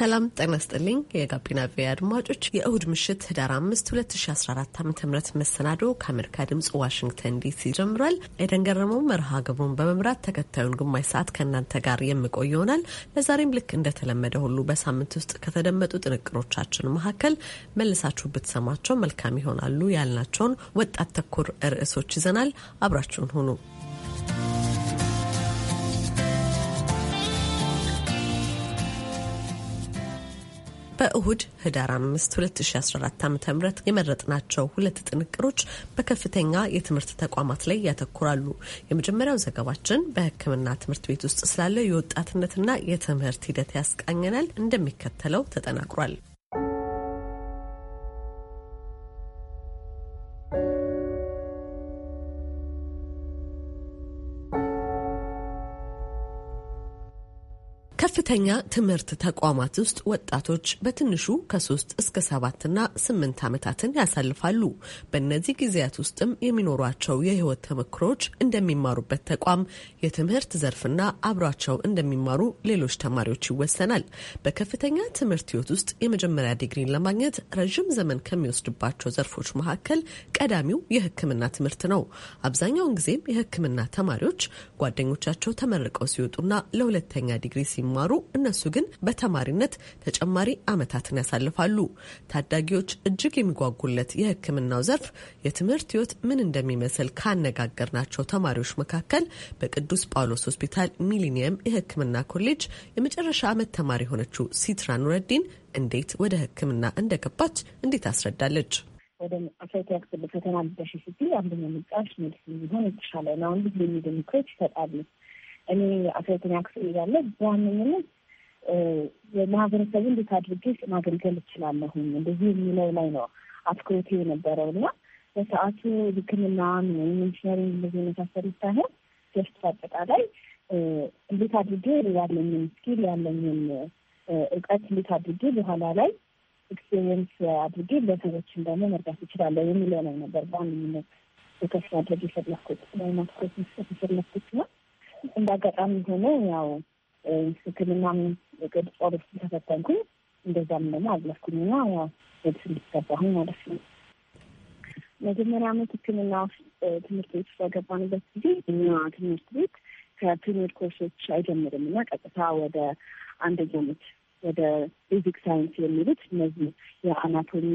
ሰላም ጤና ይስጥልኝ የጋቢና ቪ አድማጮች የእሁድ ምሽት ህዳር 5 2014 ዓ ም መሰናዶ ከአሜሪካ ድምፅ ዋሽንግተን ዲሲ ጀምሯል። ኤደን ገረመው መርሃ ግብሩን በመምራት ተከታዩን ግማሽ ሰዓት ከእናንተ ጋር የሚቆይ ይሆናል። ለዛሬም ልክ እንደተለመደ ሁሉ በሳምንት ውስጥ ከተደመጡ ጥንቅሮቻችን መካከል መልሳችሁ ብትሰማቸው መልካም ይሆናሉ ያልናቸውን ወጣት ተኮር ርዕሶች ይዘናል። አብራችሁን ሁኑ። በእሁድ ህዳር 5 2014 ዓ ም የመረጥናቸው ሁለት ጥንቅሮች በከፍተኛ የትምህርት ተቋማት ላይ ያተኩራሉ። የመጀመሪያው ዘገባችን በሕክምና ትምህርት ቤት ውስጥ ስላለው የወጣትነትና የትምህርት ሂደት ያስቃኘናል። እንደሚከተለው ተጠናቅሯል። ከፍተኛ ትምህርት ተቋማት ውስጥ ወጣቶች በትንሹ ከሶስት እስከ ሰባትና ስምንት ዓመታትን ያሳልፋሉ። በእነዚህ ጊዜያት ውስጥም የሚኖሯቸው የህይወት ተመክሮች እንደሚማሩበት ተቋም፣ የትምህርት ዘርፍና አብሯቸው እንደሚማሩ ሌሎች ተማሪዎች ይወሰናል። በከፍተኛ ትምህርት ህይወት ውስጥ የመጀመሪያ ዲግሪን ለማግኘት ረዥም ዘመን ከሚወስድባቸው ዘርፎች መካከል ቀዳሚው የህክምና ትምህርት ነው። አብዛኛውን ጊዜም የህክምና ተማሪዎች ጓደኞቻቸው ተመርቀው ሲወጡና ለሁለተኛ ዲግሪ ሲማሩ እነሱ ግን በተማሪነት ተጨማሪ ዓመታትን ያሳልፋሉ። ታዳጊዎች እጅግ የሚጓጉለት የሕክምናው ዘርፍ የትምህርት ህይወት ምን እንደሚመስል ካነጋገርናቸው ተማሪዎች መካከል በቅዱስ ጳውሎስ ሆስፒታል ሚሊኒየም የሕክምና ኮሌጅ የመጨረሻ ዓመት ተማሪ የሆነችው ሲትራ ኑረዲን እንዴት ወደ ሕክምና እንደገባች እንዴት አስረዳለች። ወደ ፈተና ልደሽ ስትይ አንደኛ ምጣሽ ሜዲሲን ቢሆን የተሻለ ነው የሚል ኮች ይሰጣሉ። እኔ አስራተኛ ክፍል እያለሁ በዋነኝነት የማህበረሰቡ እንዴት አድርጌ ማገልገል እችላለሁኝ እንደዚህ የሚለው ላይ ነው አትኩሮቴ የነበረው እና በሰዓቱ ሕክምና ወይም ኢንጂነሪንግ እንደዚህ የመሳሰሉ ሳይሆን ጀስት አጠቃላይ እንዴት አድርጌ ያለኝን ስኪል ያለኝን እውቀት እንዴት አድርጌ በኋላ ላይ ኤክስፔሪየንስ አድርጌ ለሰዎችን ደግሞ መርዳት እችላለሁ የሚለው ነው ነበር በአንድነት ፎከስ ማድረግ የፈለኩት ወይም አትኩሮት መስጠት የፈለኩት ነው። እንደ አጋጣሚ ሆነ ያው ሕክምናም ቅድጫ ልብስ ተፈተንኩኝ። እንደዛም ደግሞ አለፍኩኝና ያው ልብስ እንዲሰባሁኝ ማለት ነው። መጀመሪያ ዓመት ሕክምና ውስጥ ትምህርት ቤት በገባንበት ጊዜ እኛ ትምህርት ቤት ከፒሪዮድ ኮርሶች አይጀምርም እና ቀጥታ ወደ አንደኛ ዓመት ወደ ቤዚክ ሳይንስ የሚሉት እነዚህ የአናቶሚ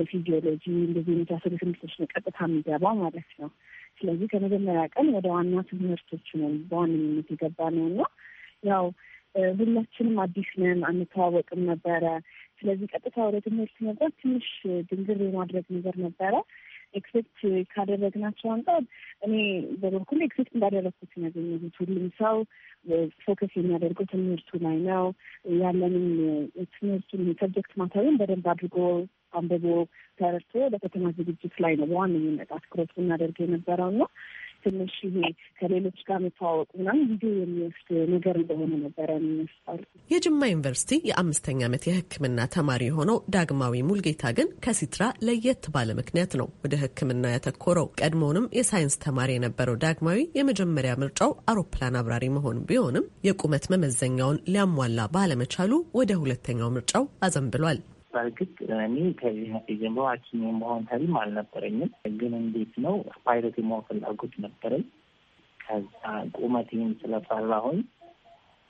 የፊዚዮሎጂ እንደዚህ የመሳሰሉ ትምህርቶች ነው ቀጥታ የሚገባ ማለት ነው። ስለዚህ ከመጀመሪያ ቀን ወደ ዋና ትምህርቶች ነው በዋነኝነት የገባ ነው እና ያው ሁላችንም አዲስ ነን፣ አንተዋወቅም ነበረ። ስለዚህ ቀጥታ ወደ ትምህርት መግባት ትንሽ ድንግር የማድረግ ነገር ነበረ። ኤክሴፕት ካደረግናቸው አንጻር እኔ በበኩል ኤክሴፕት እንዳደረግኩት ያገኘሁት ሁሉም ሰው ፎከስ የሚያደርገው ትምህርቱ ላይ ነው። ያለንም ትምህርቱን ሰብጀክት ማታዊን በደንብ አድርጎ አንብቦ ተረድቶ ለፈተና ዝግጅት ላይ ነው በዋነኝነት አትኩሮት ብናደርግ የነበረው ነው። ትንሽ ይሄ ከሌሎች ጋር መተዋወቅ ምናምን ጊዜ የሚወስድ ነገር እንደሆነ ነበረ የሚመስል። የጅማ ዩኒቨርሲቲ የአምስተኛ ዓመት የሕክምና ተማሪ የሆነው ዳግማዊ ሙልጌታ ግን ከሲትራ ለየት ባለ ምክንያት ነው ወደ ሕክምና ያተኮረው። ቀድሞውንም የሳይንስ ተማሪ የነበረው ዳግማዊ የመጀመሪያ ምርጫው አውሮፕላን አብራሪ መሆን ቢሆንም የቁመት መመዘኛውን ሊያሟላ ባለመቻሉ ወደ ሁለተኛው ምርጫው አዘንብሏል። በእርግጥ እኔ ከልጅነቴ ጀምሮ ሐኪም የመሆን ህልም አልነበረኝም። ግን እንዴት ነው ፓይለት የመሆን ፍላጎት ነበረኝ። ከዛ ቁመቴን ስለፈራሁኝ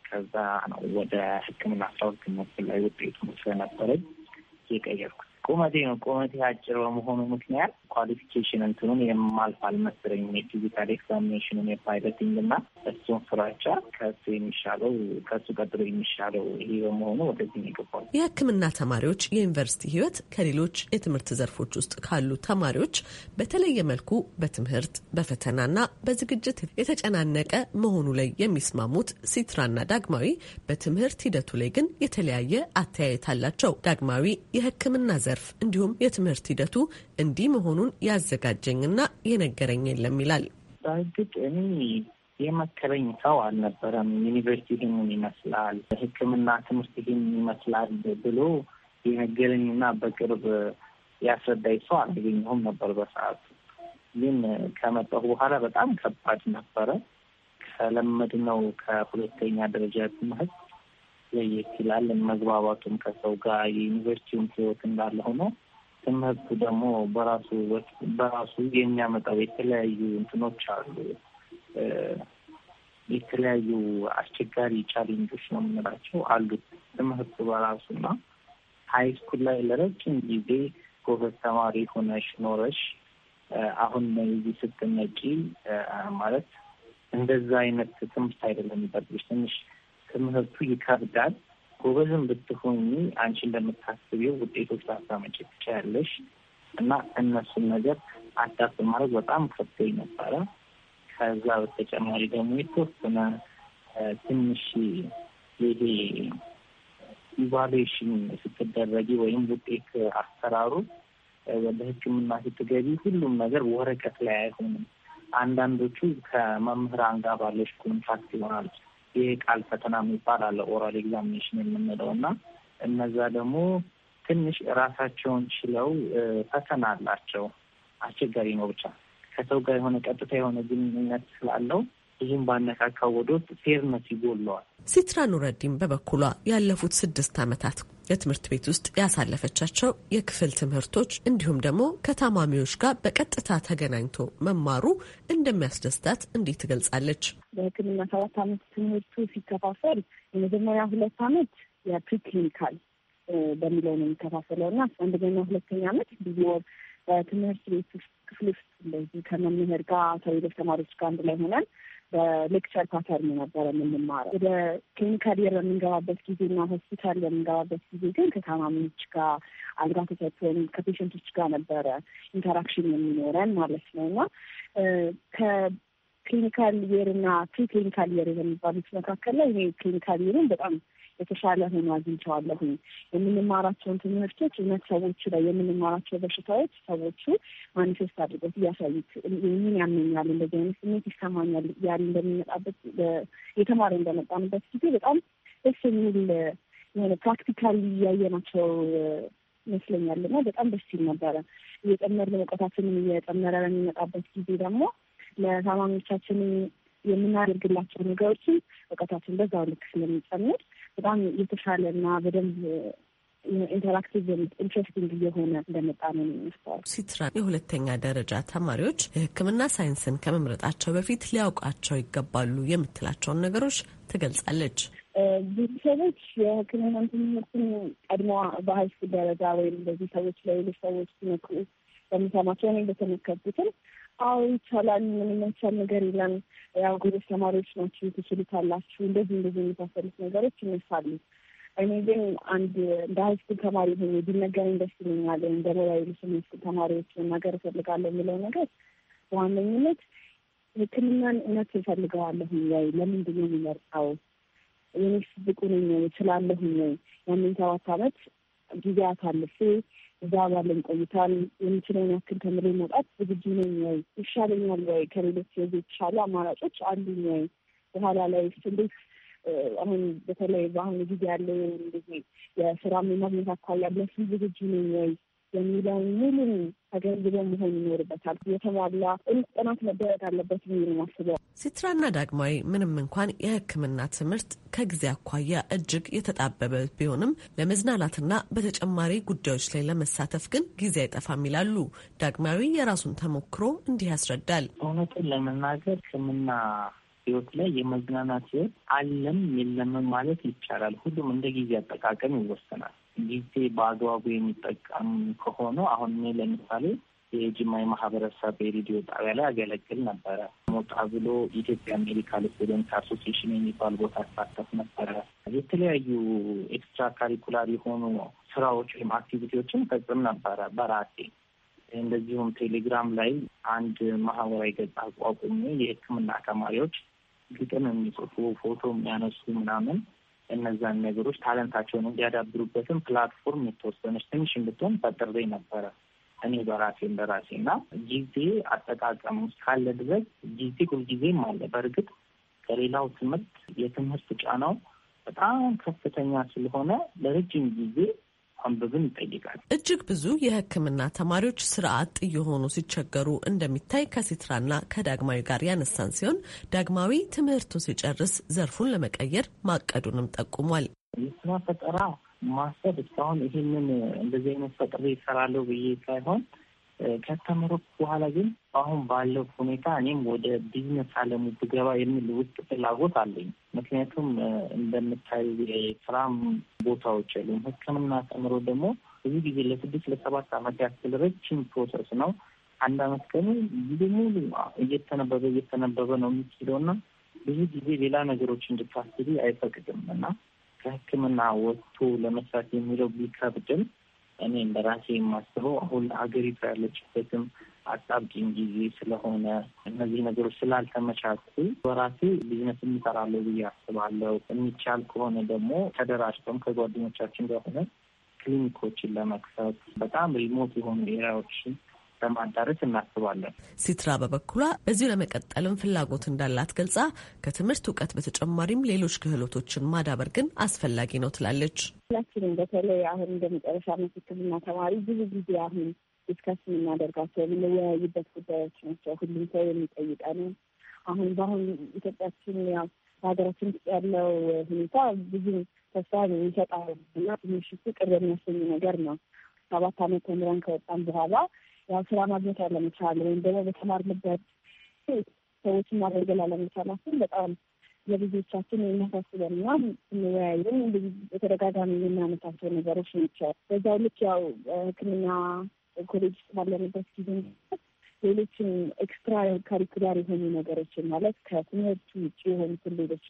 ከዛ ነው ወደ ሕክምና አስራ ሁለት ላይ ውጤቱ ስለነበረኝ የቀየርኩት። ቁመቴ ነው። ቁመቴ አጭር በመሆኑ ምክንያት ኳሊፊኬሽን እንትኑን የማልፍ አልመሰለኝም። የፊዚካል ኤክዛሚኔሽኑን የፓይለቲንግ እና እሱን ፍራቻ ከሱ የሚሻለው ከሱ ቀጥሎ የሚሻለው ይሄ በመሆኑ ወደዚህ ይገባል። የሕክምና ተማሪዎች የዩኒቨርሲቲ ህይወት ከሌሎች የትምህርት ዘርፎች ውስጥ ካሉ ተማሪዎች በተለየ መልኩ በትምህርት በፈተናና በዝግጅት የተጨናነቀ መሆኑ ላይ የሚስማሙት ሲትራና ዳግማዊ በትምህርት ሂደቱ ላይ ግን የተለያየ አተያየት አላቸው። ዳግማዊ የሕክምና ዘ ዘርፍ እንዲሁም የትምህርት ሂደቱ እንዲህ መሆኑን ያዘጋጀኝና የነገረኝ የለም ይላል። በእርግጥ እኔ የመከረኝ ሰው አልነበረም። ዩኒቨርሲቲ ይህንን ይመስላል፣ ሕክምና ትምህርት ይህንን ይመስላል ብሎ የነገረኝና በቅርብ ያስረዳኝ ሰው አላገኘሁም ነበር በሰዓቱ። ግን ከመጣሁ በኋላ በጣም ከባድ ነበረ። ከለመድነው ከሁለተኛ ደረጃ ትምህርት ለየት ይላል። መግባባቱም ከሰው ጋር የዩኒቨርሲቲውን ህይወት እንዳለ ሆኖ ትምህርቱ ደግሞ በራሱ በራሱ የሚያመጣው የተለያዩ እንትኖች አሉ። የተለያዩ አስቸጋሪ ቻሌንጆች ነው የምንላቸው አሉት ትምህርቱ በራሱ እና ሀይ ስኩል ላይ ለረጅም ጊዜ ጎበዝ ተማሪ ሆነሽ ኖረሽ አሁን እዚህ ስትነቂ ማለት እንደዛ አይነት ትምህርት አይደለም የሚጠብቅሽ ትንሽ ትምህርቱ ይከብዳል። ጎበዝም ብትሆኝ አንቺ እንደምታስቢው ውጤቶች ላታመጪ ትችያለሽ እና እነሱን ነገር አዳፕት ማድረግ በጣም ከብቶኝ ነበረ። ከዛ በተጨማሪ ደግሞ የተወሰነ ትንሽ ይሄ ኢቫሉዌሽን ስትደረጊ ወይም ውጤት አሰራሩ ወደ ሕክምና ስትገቢ ሁሉም ነገር ወረቀት ላይ አይሆንም። አንዳንዶቹ ከመምህራን ጋር ባለሽ ኮንታክት ይሆናል። የቃል ፈተና የሚባል አለ ኦራል ኤግዛሚኔሽን የምንለው እና እነዛ ደግሞ ትንሽ ራሳቸውን ችለው ፈተና አላቸው። አስቸጋሪ ነው ብቻ ከሰው ጋር የሆነ ቀጥታ የሆነ ግንኙነት ስላለው ብዙም ባነካካ ወዶት ፌርነት ይጎለዋል። ሲትራ ኑረዲን በበኩሏ ያለፉት ስድስት ዓመታት የትምህርት ቤት ውስጥ ያሳለፈቻቸው የክፍል ትምህርቶች እንዲሁም ደግሞ ከታማሚዎች ጋር በቀጥታ ተገናኝቶ መማሩ እንደሚያስደስታት እንዲህ ትገልጻለች። በሕክምና ሰባት ዓመት ትምህርቱ ሲከፋፈል የመጀመሪያ ሁለት ዓመት የፕሪክሊኒካል በሚለው ነው የሚከፋፈለው እና አንደኛ ሁለተኛ ዓመት ብዙ ወር በትምህርት ቤት ውስጥ ክፍል ውስጥ እንደዚህ ከመምህር ጋር ከሌሎች ተማሪዎች ጋር አንድ ላይ ሆነን በሌክቸር ፓተርን ነበረ የምንማረው። ወደ ክሊኒካል በምንገባበት ጊዜ እና ሆስፒታል በምንገባበት ጊዜ ግን ከታማሚዎች ጋር አልጋ ተሰጥቶን ከፔሽንቶች ጋር ነበረ ኢንተራክሽን የሚኖረን ማለት ነው እና ከክሊኒካል የር እና ፕሪ ክሊኒካል የር የሚባሉት መካከል ላይ ይሄ ክሊኒካል የርን በጣም የተሻለ ሆኖ አግኝቸዋለሁኝ። የምንማራቸውን ትምህርቶች እውነት ሰዎቹ ላይ የምንማራቸው በሽታዎች ሰዎቹ ማኒፌስት አድርጎት እያሳዩት ይህን ያመኛል፣ እንደዚህ አይነት ስሜት ይሰማኛል ያል እንደሚመጣበት የተማሪ እንደመጣንበት ጊዜ በጣም ደስ የሚል የሆነ ፕራክቲካል እያየናቸው ይመስለኛል እና በጣም ደስ ሲል ነበረ። እየጨመርን እውቀታችንን እየጨመረ በሚመጣበት ጊዜ ደግሞ ለታማሚዎቻችን የምናደርግላቸው ነገሮችን እውቀታችን በዛው ልክ ስለሚጨምር በጣም የተሻለ እና በደንብ ኢንተራክቲቭ ኢንትረስቲንግ እየሆነ እንደመጣ ነው የሚመስለው። ሲትራ የሁለተኛ ደረጃ ተማሪዎች የሕክምና ሳይንስን ከመምረጣቸው በፊት ሊያውቃቸው ይገባሉ የምትላቸውን ነገሮች ትገልጻለች። ብዙ ሰዎች የሕክምና ትምህርትን ቀድሞ በሀይስኩል ደረጃ ወይም እንደዚህ ሰዎች ለሌሎች ሰዎች ሲመክሩ በሚሰማቸው ወይም በተመከቡትም አዎ ይቻላል፣ ምን መቻል ነገር የለም፣ ያው ጎበዝ ተማሪዎች ናችሁ፣ አላችሁ እንደዚህ እንደዚህ የሚታሰሉት ነገሮች ይነሳሉ። እኔ ግን አንድ እንደ ሀይስኩል ተማሪ ሆ ቢነገረኝ ደስ ይለኛል። እንደ ሞባይል ስሚስኩል ተማሪዎች መናገር እፈልጋለሁ የሚለው ነገር በዋነኝነት ሕክምናን እውነት እፈልገዋለሁ ወይ? ለምንድን ነው የሚመርጣው? የኔስ ብቁ ነኝ ወይ? እችላለሁ ወይ? ያንን ሰባት አመት ጊዜ አሳልፌ እዛ ባለን ቆይታን የምችለውን ያክል ተምሬ መውጣት ዝግጁ ነኝ ወይ? ይሻለኛል ወይ? ከሌሎች የዚህ የተሻሉ አማራጮች አሉኝ ወይ? በኋላ ላይ እንዴት አሁን በተለይ በአሁኑ ጊዜ ያለው ጊዜ የስራ የማግኘት አኳያ ለሱ ዝግጁ ነኝ ወይ የሚለውን ሙሉን ተገንዝቦ መሆን ይኖርበታል። የተሟላ ጥናት መደረግ አለበት ብዬ ነው የማስበው። ሲትራና ዳግማዊ ምንም እንኳን የሕክምና ትምህርት ከጊዜ አኳያ እጅግ የተጣበበ ቢሆንም ለመዝናናትና በተጨማሪ ጉዳዮች ላይ ለመሳተፍ ግን ጊዜ አይጠፋም ይላሉ። ዳግማዊ የራሱን ተሞክሮ እንዲህ ያስረዳል። እውነቱን ለመናገር ሕክምና ህይወት ላይ የመዝናናት ህይወት አለም የለምን ማለት ይቻላል። ሁሉም እንደ ጊዜ አጠቃቀም ይወሰናል። ጊዜ በአግባቡ የሚጠቀም ከሆነ አሁን እኔ ለምሳሌ የጅማ ማህበረሰብ የሬዲዮ ጣቢያ ላይ አገለግል ነበረ። ሞጣ ብሎ ኢትዮጵያ ሜዲካል ስቱደንት አሶሲሽን የሚባል ቦታ አሳተፍ ነበረ። የተለያዩ ኤክስትራ ካሪኩላር የሆኑ ስራዎች ወይም አክቲቪቲዎችን ፈጽም ነበረ በራሴ እንደዚሁም ቴሌግራም ላይ አንድ ማህበራዊ ገጽ አቋቁሜ የህክምና ተማሪዎች ግጥም የሚጽፉ ፎቶ የሚያነሱ ምናምን እነዛን ነገሮች ታለንታቸውን እንዲያዳብሩበትም ፕላትፎርም የተወሰነች ትንሽ እንድትሆን ፈጥሬ ነበረ እኔ በራሴ በራሴ እና ጊዜ አጠቃቀም ውስጥ ካለ ድረስ ጊዜ ሁልጊዜም አለ። በእርግጥ ከሌላው ትምህርት የትምህርት ጫናው በጣም ከፍተኛ ስለሆነ ለረጅም ጊዜ አንብብን ይጠይቃል። እጅግ ብዙ የሕክምና ተማሪዎች ስራ አጥ እየሆኑ ሲቸገሩ እንደሚታይ ከሲትራና ከዳግማዊ ጋር ያነሳን ሲሆን ዳግማዊ ትምህርቱ ሲጨርስ ዘርፉን ለመቀየር ማቀዱንም ጠቁሟል። የስራ ፈጠራ ማሰብ እስካሁን ይህንን እንደዚህ አይነት ፈጥሬ ይሰራለሁ ብዬ ሳይሆን ከተምሮ በኋላ ግን አሁን ባለው ሁኔታ እኔም ወደ ቢዝነስ አለሙ ብገባ የሚል ውስጥ ፍላጎት አለኝ። ምክንያቱም እንደምታዩ የስራም ቦታዎች የሉም። ሕክምና ተምሮ ደግሞ ብዙ ጊዜ ለስድስት ለሰባት ዓመት ያክል ረጅም ፕሮሰስ ነው። አንድ አመት ቀኑ ብዙ ሙሉ እየተነበበ እየተነበበ ነው የሚችለው እና ብዙ ጊዜ ሌላ ነገሮች እንድታስቢ አይፈቅድም እና ከሕክምና ወጥቶ ለመስራት የሚለው ቢከብድም እኔ ራሴ የማስበው አሁን ሀገሪቷ ያለችበትም አጣብቂኝ ጊዜ ስለሆነ እነዚህ ነገሮች ስላልተመቻቹ በራሴ ቢዝነስ እንሰራለሁ ብዬ አስባለሁ። የሚቻል ከሆነ ደግሞ ተደራጅተም ከጓደኞቻችን ጋር ሆነን ክሊኒኮችን ለመክፈት በጣም ሪሞት የሆኑ ኤሪያዎችን ለማዳረስ እናስባለን። ሲትራ በበኩሏ በዚሁ ለመቀጠልም ፍላጎት እንዳላት ገልጻ ከትምህርት እውቀት በተጨማሪም ሌሎች ክህሎቶችን ማዳበር ግን አስፈላጊ ነው ትላለች። ሁላችንም በተለይ አሁን እንደመጨረሻ ዓመት ሕክምና ተማሪ ብዙ ጊዜ አሁን ዲስከስ የምናደርጋቸው የምንወያይበት ጉዳዮች ናቸው። ሁሉም ሰው የሚጠይቀን አሁን በአሁን ኢትዮጵያችን ያው በሀገራችን ውስጥ ያለው ሁኔታ ብዙ ተስፋ የሚሰጣ እና ትንሽ ቅር የሚያሰኝ ነገር ነው። ሰባት ዓመት ተምረን ከወጣን በኋላ ያው ስራ ማግኘት አለመቻል ወይም ደግሞ በተማርንበት ሰዎችን ማገልገል አለመቻላችን በጣም ለልጆቻችን የሚያሳስበን እና ስንወያይም በተደጋጋሚ የምናነሳቸው ነገሮች ናቸው። በዛው ልክ ያው ሕክምና ኮሌጅ ውስጥ ባለንበት ጊዜ ሌሎችን ኤክስትራ ካሪኩላር የሆኑ ነገሮችን ማለት ከትምህርት ውጭ የሆኑትን ሌሎች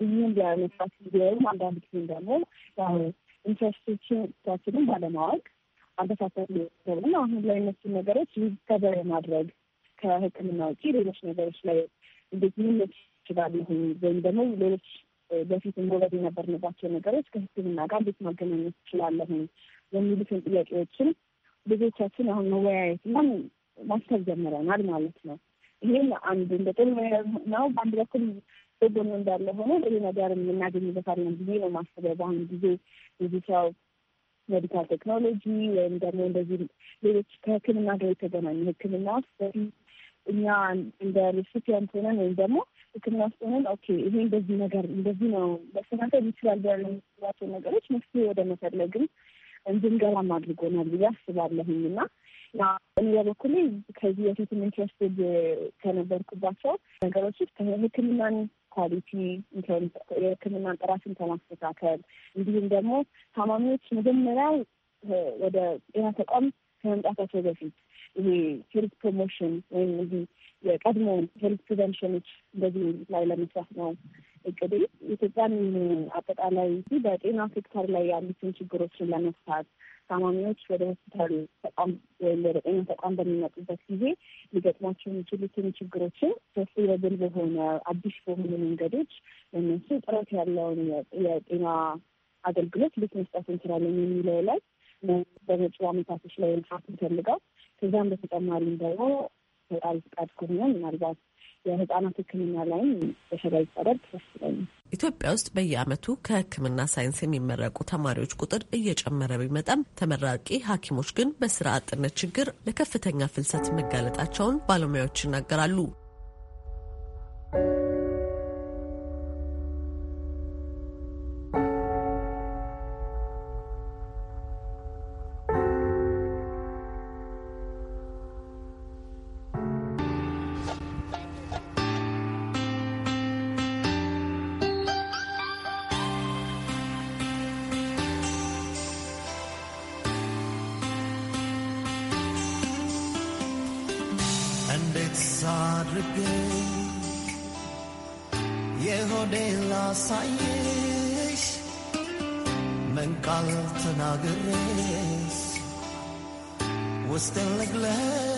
ብዙም ጊዜ ወይም አንዳንድ ጊዜም ደግሞ ያው ኢንትረስቶችን ኢንትረስቶቻችንን ባለማወቅ አበሳሰብ ሊሆን አሁን ላይ እነሱን ነገሮች ሊከበር ማድረግ ከህክምና ውጪ ሌሎች ነገሮች ላይ እንዴት ልመች ይችላል ይሁን ወይም ደግሞ ሌሎች በፊት እንጎበድ የነበርንባቸው ነገሮች ከህክምና ጋር እንዴት ማገናኘት ይችላለሁን የሚሉትን ጥያቄዎችን ብዙዎቻችን አሁን መወያየት መወያየትና ማሰብ ጀምረናል ማለት ነው። ይህም አንድ እንደ ጥሩ ነው። በአንድ በኩል በጎን እንዳለ ሆኖ ጥሩ ነገር የምናገኝበታለን ብዬ ነው ማስበው። በአሁኑ ጊዜ ብዙ ሰው ሜዲካል ቴክኖሎጂ ወይም ደግሞ እንደዚህ ሌሎች ከህክምና ጋር የተገናኙ ህክምና ውስጥ እኛ እንደ ሪሲፒየንት ሆነን ወይም ደግሞ ህክምና ውስጥ ሆነን ኦኬ ይሄ እንደዚህ ነገር እንደዚህ ነው በስናተ ይችላል ብለን የምንላቸው ነገሮች መፍትሄ ወደ መፈለግም እንድንገባም አድርጎናል ብዬ አስባለሁኝ እና እኔ በበኩሌ ከዚህ በፊት ኢንትረስትድ ከነበርኩባቸው ነገሮች ውስጥ ህክምናን ኳሊቲ የሕክምናን ጥራትን ከማስተካከል እንዲሁም ደግሞ ታማሚዎች መጀመሪያው ወደ ጤና ተቋም ከመምጣታቸው በፊት ይሄ ሄልዝ ፕሮሞሽን ወይም እዚህ የቀድሞ ሄልት ፕሪቨንሽኖች እንደዚህ ላይ ለመስራት ነው እቅዴ። ኢትዮጵያን አጠቃላይ በጤና ሴክተር ላይ ያሉትን ችግሮችን ለመፍታት ታማሚዎች ወደ ሆስፒታል ተቋም ወይም ወደ ጤና ተቋም በሚመጡበት ጊዜ ሊገጥሟቸው የሚችሉትን ችግሮችን ሰስቴይነብል በሆነ አዲስ በሆኑ መንገዶች እነሱ ጥረት ያለውን የጤና አገልግሎት ልት መስጠት እንችላለን የሚለው ላይ በመጪው አመታቶች ላይ ልፋት እንፈልጋው። ከዚያም በተጨማሪም ደግሞ አልተጣድኩኝም። ምናልባት የህጻናት ሕክምና ላይም በሸጋይ ጸደድ ይመስለኛል። ኢትዮጵያ ውስጥ በየአመቱ ከሕክምና ሳይንስ የሚመረቁ ተማሪዎች ቁጥር እየጨመረ ቢመጣም ተመራቂ ሐኪሞች ግን በስራ አጥነት ችግር ለከፍተኛ ፍልሰት መጋለጣቸውን ባለሙያዎች ይናገራሉ። የሆዴ ላሳየሽ መንቃል ተናግሬስ ውስጥን ልግለጽ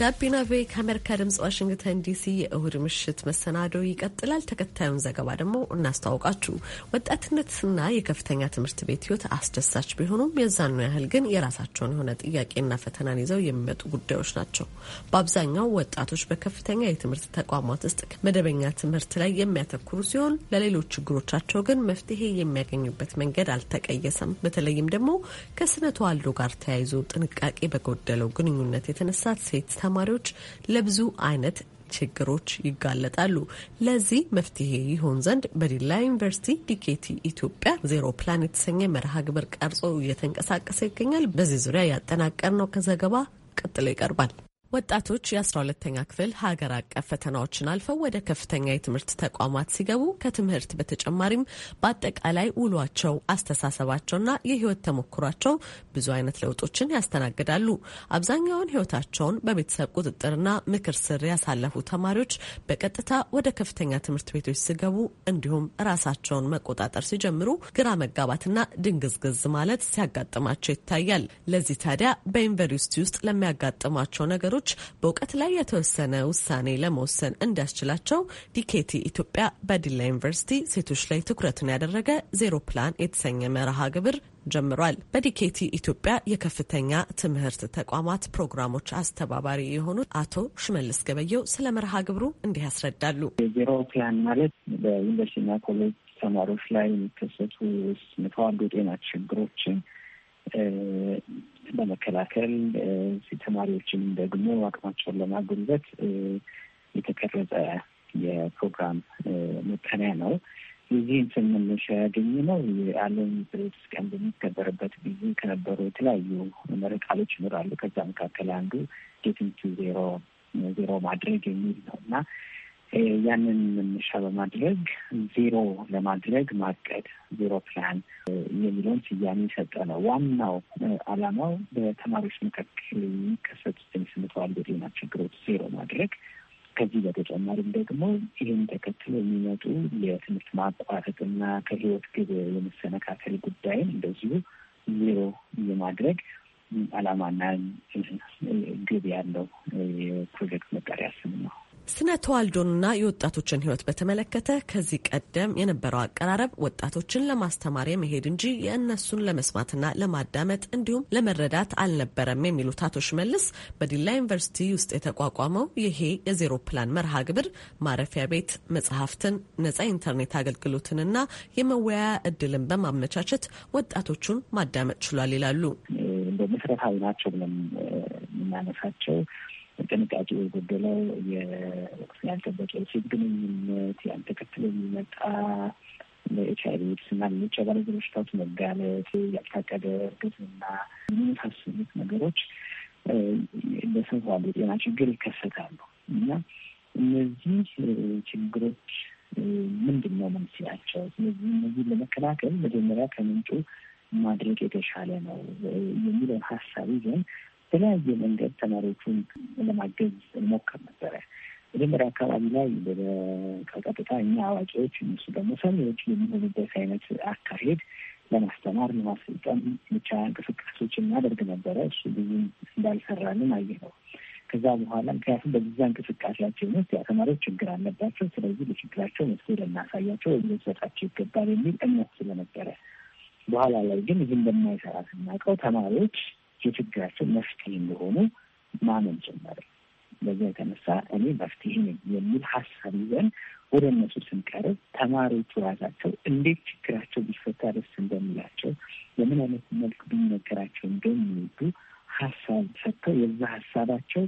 ጋቢና ቬ ከአሜሪካ ድምጽ ዋሽንግተን ዲሲ የእሁድ ምሽት መሰናዶ ይቀጥላል። ተከታዩን ዘገባ ደግሞ እናስተዋውቃችሁ። ወጣትነትና የከፍተኛ ትምህርት ቤት ህይወት አስደሳች ቢሆኑም የዛኑ ያህል ግን የራሳቸውን የሆነ ጥያቄና ፈተናን ይዘው የሚመጡ ጉዳዮች ናቸው። በአብዛኛው ወጣቶች በከፍተኛ የትምህርት ተቋማት ውስጥ መደበኛ ትምህርት ላይ የሚያተኩሩ ሲሆን ለሌሎች ችግሮቻቸው ግን መፍትሄ የሚያገኙበት መንገድ አልተቀየሰም። በተለይም ደግሞ ከስነ ተዋልዶ ጋር ተያይዞ ጥንቃቄ በጎደለው ግንኙነት የተነሳት ሴት ተማሪዎች ለብዙ አይነት ችግሮች ይጋለጣሉ። ለዚህ መፍትሄ ይሆን ዘንድ በዲላ ዩኒቨርሲቲ ዲኬቲ ኢትዮጵያ ዜሮ ፕላን የተሰኘ መርሃ ግብር ቀርጾ እየተንቀሳቀሰ ይገኛል። በዚህ ዙሪያ ያጠናቀር ነው ከዘገባ ቀጥሎ ይቀርባል። ወጣቶች የ12ተኛ ክፍል ሀገር አቀፍ ፈተናዎችን አልፈው ወደ ከፍተኛ የትምህርት ተቋማት ሲገቡ ከትምህርት በተጨማሪም በአጠቃላይ ውሏቸው፣ አስተሳሰባቸውና የህይወት ተሞክሯቸው ብዙ አይነት ለውጦችን ያስተናግዳሉ። አብዛኛውን ህይወታቸውን በቤተሰብ ቁጥጥርና ምክር ስር ያሳለፉ ተማሪዎች በቀጥታ ወደ ከፍተኛ ትምህርት ቤቶች ሲገቡ እንዲሁም ራሳቸውን መቆጣጠር ሲጀምሩ ግራ መጋባትና ድንግዝግዝ ማለት ሲያጋጥማቸው ይታያል። ለዚህ ታዲያ በዩኒቨርሲቲ ውስጥ ለሚያጋጥሟቸው ነገሮች ሀገሮች በእውቀት ላይ የተወሰነ ውሳኔ ለመወሰን እንዲያስችላቸው ዲኬቲ ኢትዮጵያ በዲላ ዩኒቨርሲቲ ሴቶች ላይ ትኩረትን ያደረገ ዜሮ ፕላን የተሰኘ መርሃ ግብር ጀምሯል። በዲኬቲ ኢትዮጵያ የከፍተኛ ትምህርት ተቋማት ፕሮግራሞች አስተባባሪ የሆኑት አቶ ሽመልስ ገበየው ስለ መርሃ ግብሩ እንዲህ ያስረዳሉ። የዜሮ ፕላን ማለት በዩኒቨርሲቲና ኮሌጅ ተማሪዎች ላይ የሚከሰቱ የተዋልዶ ጤና ችግሮችን ለመከላከል ተማሪዎችንም ደግሞ አቅማቸውን ለማጎልበት የተቀረጸ የፕሮግራም መጠሪያ ነው። የዚህን ስም ያገኘ ነው የዓለም ብሬትስ ቀን በሚከበርበት ጊዜ ከነበሩ የተለያዩ መሪ ቃሎች ይኖራሉ። ከዛ መካከል አንዱ ጌቲንግ ቱ ዜሮ ዜሮ ማድረግ የሚል ነው እና ያንን መነሻ በማድረግ ዜሮ ለማድረግ ማቀድ ዜሮ ፕላን የሚለውን ስያሜ ሰጠ ነው። ዋናው ዓላማው በተማሪዎች መካከል የሚከሰቱትን ስነ ተዋልዶ የጤና ችግሮች ዜሮ ማድረግ፣ ከዚህ በተጨማሪም ደግሞ ይህን ተከትሎ የሚመጡ የትምህርት ማቋረጥና ከህይወት ግብ የመሰነካከል ጉዳይን እንደዚሁ ዜሮ የማድረግ ዓላማና ግብ ያለው የፕሮጀክት መጠሪያ ስም ነው። ስነ ተዋልዶንና የወጣቶችን ህይወት በተመለከተ ከዚህ ቀደም የነበረው አቀራረብ ወጣቶችን ለማስተማር የመሄድ እንጂ የእነሱን ለመስማትና ለማዳመጥ እንዲሁም ለመረዳት አልነበረም የሚሉት አቶ ሽመልስ በዲላ ዩኒቨርሲቲ ውስጥ የተቋቋመው ይሄ የዜሮ ፕላን መርሃ ግብር ማረፊያ ቤት፣ መጽሐፍትን፣ ነጻ ኢንተርኔት አገልግሎትንና የመወያያ እድልን በማመቻቸት ወጣቶቹን ማዳመጥ ችሏል ይላሉ። እንደ መሰረታዊ ናቸው ብለን የምናነሳቸው ጥንቃቄ የጎደለው የወቅት ያልጠበቀ የሴት ግንኙነት ያልተከተለ የሚመጣ ለኤች አይቪ ኤድስ እና ለሚጨባለዙ በሽታዎች መጋለጥ፣ ያልታቀደ እርግዝና የመሳሰሉት ነገሮች በሰው ባሉ የጤና ችግር ይከሰታሉ እና እነዚህ ችግሮች ምንድን ነው መንስኤያቸው? ስለዚህ እነዚህ ለመከላከል መጀመሪያ ከምንጩ ማድረግ የተሻለ ነው የሚለውን ሀሳብ ይዘን በተለያየ መንገድ ተማሪዎቹን ለማገዝ ሞከር ነበረ። መጀመሪያ አካባቢ ላይ ቀጥታ እኛ አዋቂዎች እነሱ ደግሞ ሰሚዎች የሚሆኑበት አይነት አካሄድ ለማስተማር ለማሰልጠን ብቻ እንቅስቃሴዎች እናደርግ ነበረ። እሱ ብዙ እንዳልሰራልን አየ ነው። ከዛ በኋላ ምክንያቱም በዛ እንቅስቃሴያችን ውስጥ ያ ተማሪዎች ችግር አለባቸው፣ ስለዚህ ለችግራቸው መፍትሄ ልናሳያቸው ወይም ልንሰጣቸው ይገባል የሚል እምነት ስለነበረ በኋላ ላይ ግን ይህ እንደማይሰራ ስናውቀው ተማሪዎች የችግራችን መፍትሄ እንደሆኑ ማመን ጀመረ። በዚያ የተነሳ እኔ መፍትሄ የሚል ሀሳብ ይዘን ወደ እነሱ ስንቀርብ ተማሪዎቹ ራሳቸው እንዴት ችግራቸው ቢፈታ ደስ እንደሚላቸው በምን አይነት መልክ ቢነገራቸው እንደሚወዱ ሀሳብ ሰጥተው የዛ ሀሳባቸው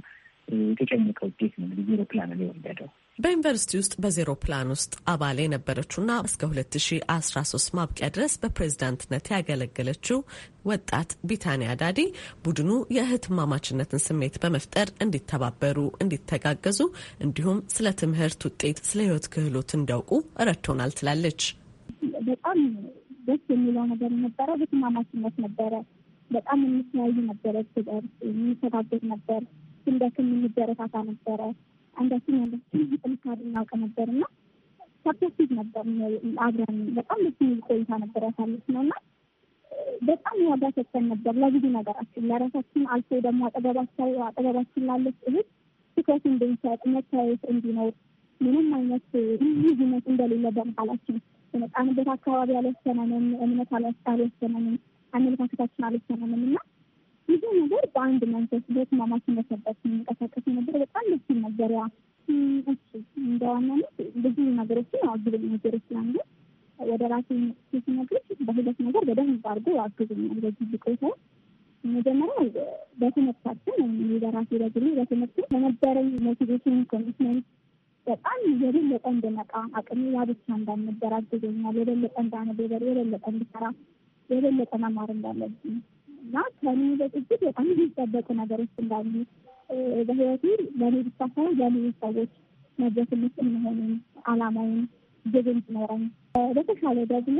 የተጨመቀ ውጤት ነው እንግዲህ ዜሮ ፕላን የወለደው በዩኒቨርሲቲ ውስጥ በዜሮ ፕላን ውስጥ አባል የነበረችውና እስከ 2013 ማብቂያ ድረስ በፕሬዝዳንትነት ያገለገለችው ወጣት ቢታንያ ዳዲ ቡድኑ የእህትማማችነትን ስሜት በመፍጠር እንዲተባበሩ፣ እንዲተጋገዙ እንዲሁም ስለ ትምህርት ውጤት፣ ስለ ህይወት ክህሎት እንዲያውቁ ረድቶናል ትላለች። በጣም ደስ የሚለው ነገር እህትማማችነት ነበረ። በጣም የምትለያዩ ነበረ፣ ነበር፣ ስንደክም የምንደረታታ ነበረ አንዳችን ያለችን ጥንካሬ እናውቅ ነበር እና ሰፖርቲቭ ነበር። አብረን በጣም ደስ የሚል ቆይታ ነበር ያሳለፍ ነው እና በጣም ዋጋ ሰጥተን ነበር ለብዙ ነገራችን ለራሳችን አልፎ ደግሞ አጠገባቸው አጠገባችን ላለች እህት ትኩረት እንድንሰጥ መታየት እንዲኖር ምንም አይነት ልዩነት እንደሌለ በመሀላችን የመጣንበት አካባቢ አልወሰነንም፣ እምነት አልወሰነንም፣ አመለካከታችን አልወሰነንም እና ብዙ ነገር በአንድ መንፈስ በመስማማትነት ነበር የሚንቀሳቀስ ነበር። በጣም ደስ ይል ነበር። ያ እሱ እንደ ብዙ ነገሮችን አግዞኝ ነገሮች ስላለ ወደ ራሴ ሴት ነገሮች በሁለት ነገር በደንብ አድርጎ አግዞኛል። በዚህ ብቆታ መጀመሪያ በትምህርታችን ወይም በራሴ በግሌ በትምህርት በነበረኝ ሞቲቬሽን ኮሚትመንት በጣም የበለጠ እንድነቃ አቅሜ ያ ብቻ እንዳልነበር አግዞኛል። የበለጠ እንዳነበበር የበለጠ እንድሰራ፣ የበለጠ መማር እንዳለብኝ እና ከኔ በጥቂት በጣም የሚጠበቁ ነገሮች እንዳሉ በህይወቴ ለእኔ ብቻ ሳይሆን ለሌሎች ሰዎች መድረስ የምችል መሆኑን አላማውን ግብ እንዲኖረኝ በተሻለ ደግሞ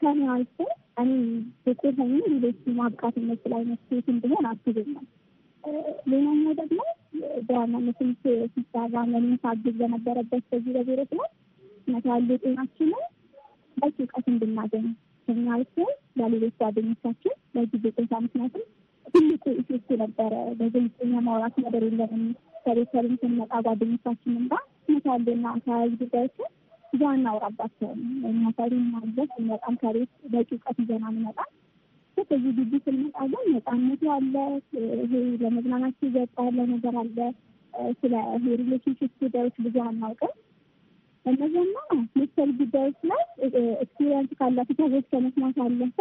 ከኔ አልፎ እኔ ብቁ ሆኑ ሌሎች ማብቃት የምችል አይነት ሴት እንድሆን አስገኛል። ሌላኛው ደግሞ በዋናነትም ሲሰራ ለምን ሳግዝ በነበረበት በዚህ በቢሮ ስላት ያሉ ጤናችንን በቂ እውቀት እንድናገኝ ማለት ሲሆን ለሌሎች ጓደኞቻችን ለጊዜ ቆይታ ምክንያቱም ትልቁ ኢፌክት ነበረ። በዘይተኛ ማውራት ነገር የለንም። ከቤተሰብም ስንመጣ ጓደኞቻችንም ጋር ስመታልና ተያያዥ ጉዳዮችን እዛ እናውራባቸውም። የሚያሳሪ ማለት ስንመጣም ከቤት በቂ እውቀት ይዘና ምንመጣ ከዚህ ግቢ ስንመጣ ግን ነፃነቱ አለ። ይሄ ለመዝናናት ሲገጣ ያለ ነገር አለ። ስለ ሪሌሽንሽፕ ጉዳዮች ብዙ አናውቅም። እነዚያና መሰል ጉዳዮች ላይ ኤክስፔሪንስ ካላቸው ሰዎች ከመስማት አለፈ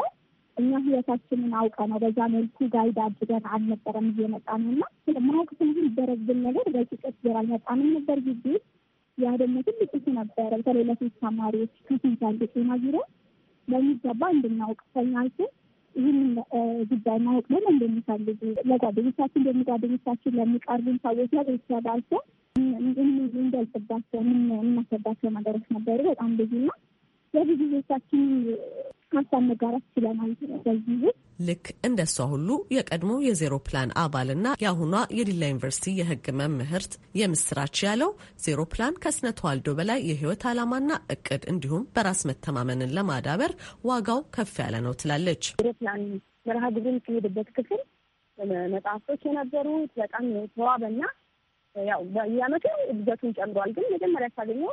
እኛ ህይወታችንን አውቀ ነው በዛ መልኩ ጋይድ አድርገን አልነበረም እየመጣ ነው እና ማወቅ ስንት ይደረግብን ነገር በቂቀት ዘር አልመጣንም ነበር ጊዜ ያ ደግሞ ትልቅ ነበረ። በተለይ ለሴት ተማሪዎች ከስንት ጤና ዙሪያ በሚገባ እንድናውቅ ሰኛችን ይህንን ጉዳይ ማወቅ ምን እንደሚፈልጉ ለጓደኞቻችን እንደሚጓደኞቻችን ለሚቀርቡን ሰዎች ለቤተሰብ አልፎ እንዳልጽባቸው የምናሰባቸው ነገሮች ነበሩ። በጣም ብዙ ና የብዙ ሀሳብ መጋራት ችለናል። በዚህ ልክ እንደ ሁሉ የቀድሞ የዜሮ ፕላን አባል ና የአሁኗ የዲላ ዩኒቨርሲቲ የህግ መምህርት የምስራች ያለው ዜሮ ፕላን ከስነ ተዋልዶ በላይ የህይወት ዓላማና እቅድ እንዲሁም በራስ መተማመንን ለማዳበር ዋጋው ከፍ ያለ ነው ትላለች። ዜሮ ፕላን መርሃ ግብር የሚካሄድበት ክፍል መጽሐፍቶች የነበሩት በጣም ተዋበና ያው በየአመቱ እድገቱን ጨምሯል። ግን መጀመሪያ ሳገኘው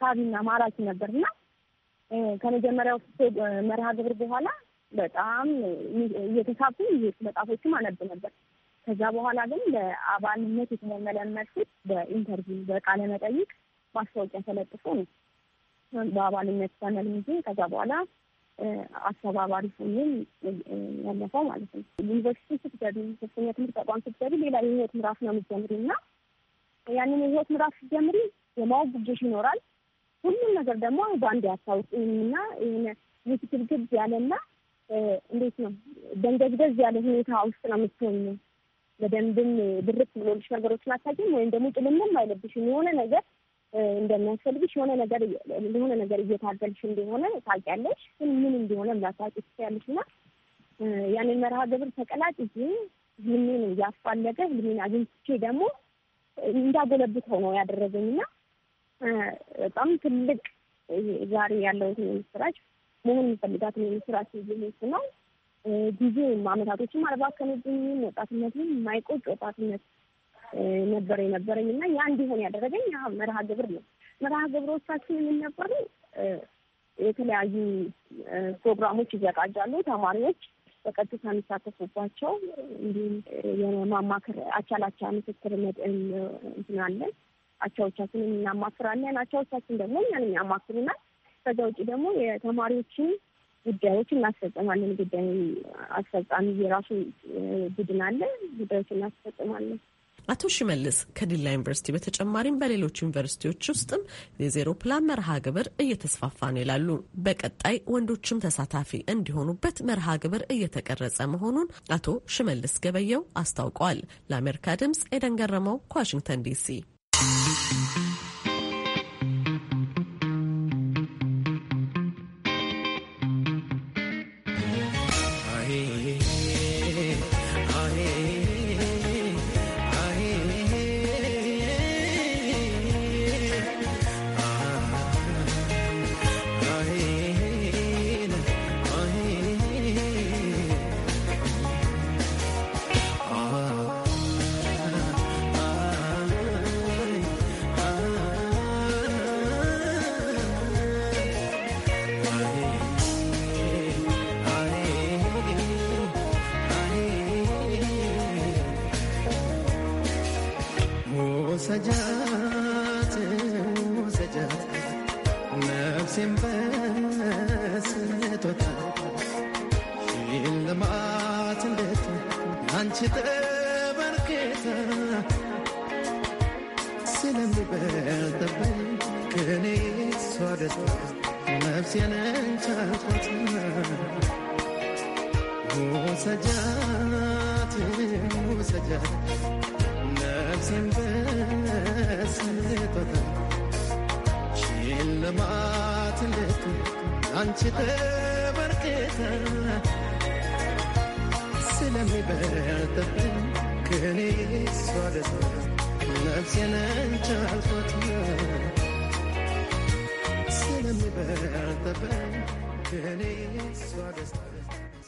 ሳቢና ማራኪ ነበር እና ከመጀመሪያው ስ መርሃ ግብር በኋላ በጣም እየተሳቡ መጽሐፎችም አነብ ነበር። ከዛ በኋላ ግን ለአባልነት የተመለመልኩት በኢንተርቪው በቃለ መጠይቅ ማስታወቂያ ተለጥፎ ነው በአባልነት ቻናል ጊዜ ከዛ በኋላ አስተባባሪ ሆኜም ያለፈው ማለት ነው። ዩኒቨርሲቲ ስትገቢ፣ ከፍተኛ ትምህርት ተቋም ስትገቢ ሌላ የህይወት ምዕራፍ ነው የምትጀምሪው እና ያንን የህይወት ምዕራፍ ስትጀምሪ የማወቅ ጉጆሽ ይኖራል። ሁሉም ነገር ደግሞ በአንድ ያስታውቅና የሆነ ግብግብ ያለና እንዴት ነው ደንገዝገዝ ያለ ሁኔታ ውስጥ ነው የምትሆኝ። በደንብም ብርቅ ብሎልሽ ነገሮችን አታውቂም፣ ወይም ደግሞ ጭልምም አይለብሽም። የሆነ ነገር እንደሚያስፈልግሽ የሆነ ነገር ለሆነ ነገር እየታገልሽ እንደሆነ ታውቂያለሽ፣ ግን ምን እንደሆነ ላታውቂ ትችያለሽ። እና ያንን መርሃ ግብር ተቀላቅዬ ህልሜን እያፋለገ ህልሜን አግኝቼ ደግሞ እንዳጎለብተው ነው ያደረገኝ እና በጣም ትልቅ ዛሬ ያለውን የምስራች መሆን የሚፈልጋትን የምስራች ዜት ነው። ጊዜ አመታቶችም አልባከንብኝም። ወጣትነትም ማይቆጭ ወጣትነት ነበር የነበረኝ እና ያ እንዲሆን ያደረገኝ ያ መርሃ ግብር ነው። መርሃ ግብሮቻችን የምንነበሩ የተለያዩ ፕሮግራሞች ይዘጋጃሉ። ተማሪዎች በቀጥታ የሚሳተፉባቸው እንዲሁም የማማክር አቻላቻ ምክክር መድን እንትናለን አቻዎቻችንን እናማክራለን። አቻዎቻችን ደግሞ እኛን ያማክሩናል። ከዛ ውጭ ደግሞ የተማሪዎችን ጉዳዮች እናስፈጽማለን። ጉዳይ አስፈጻሚ የራሱ ቡድን አለ። ጉዳዮች እናስፈጽማለን። አቶ ሽመልስ ከዲላ ዩኒቨርሲቲ በተጨማሪም በሌሎች ዩኒቨርሲቲዎች ውስጥም የዜሮ ፕላን መርሃ ግብር እየተስፋፋ ነው ይላሉ። በቀጣይ ወንዶችም ተሳታፊ እንዲሆኑበት መርሃ ግብር እየተቀረጸ መሆኑን አቶ ሽመልስ ገበየው አስታውቀዋል። ለአሜሪካ ድምጽ ኤደን ገረመው ከዋሽንግተን ዲሲ बजा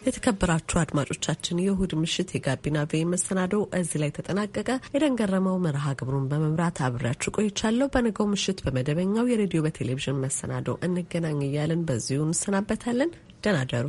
የተከበራችሁ አድማጮቻችን የእሁድ ምሽት የጋቢና ቬ መሰናዶ እዚህ ላይ ተጠናቀቀ። የደንገረመው ገረመው መርሃ ግብሩን በመምራት አብሬያችሁ ቆይቻለሁ። በነገው ምሽት በመደበኛው የሬዲዮ በቴሌቪዥን መሰናዶ እንገናኝ እያልን በዚሁ እንሰናበታለን። ደናደሩ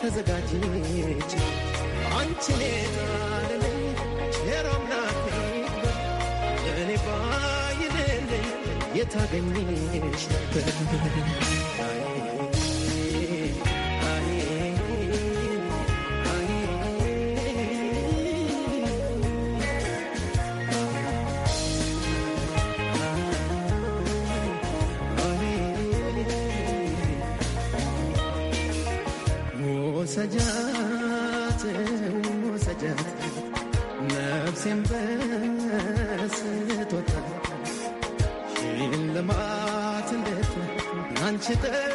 ተዘጋጅች አንቺኔ ጣለልኝ ቼራምናት እኔ ነበር City.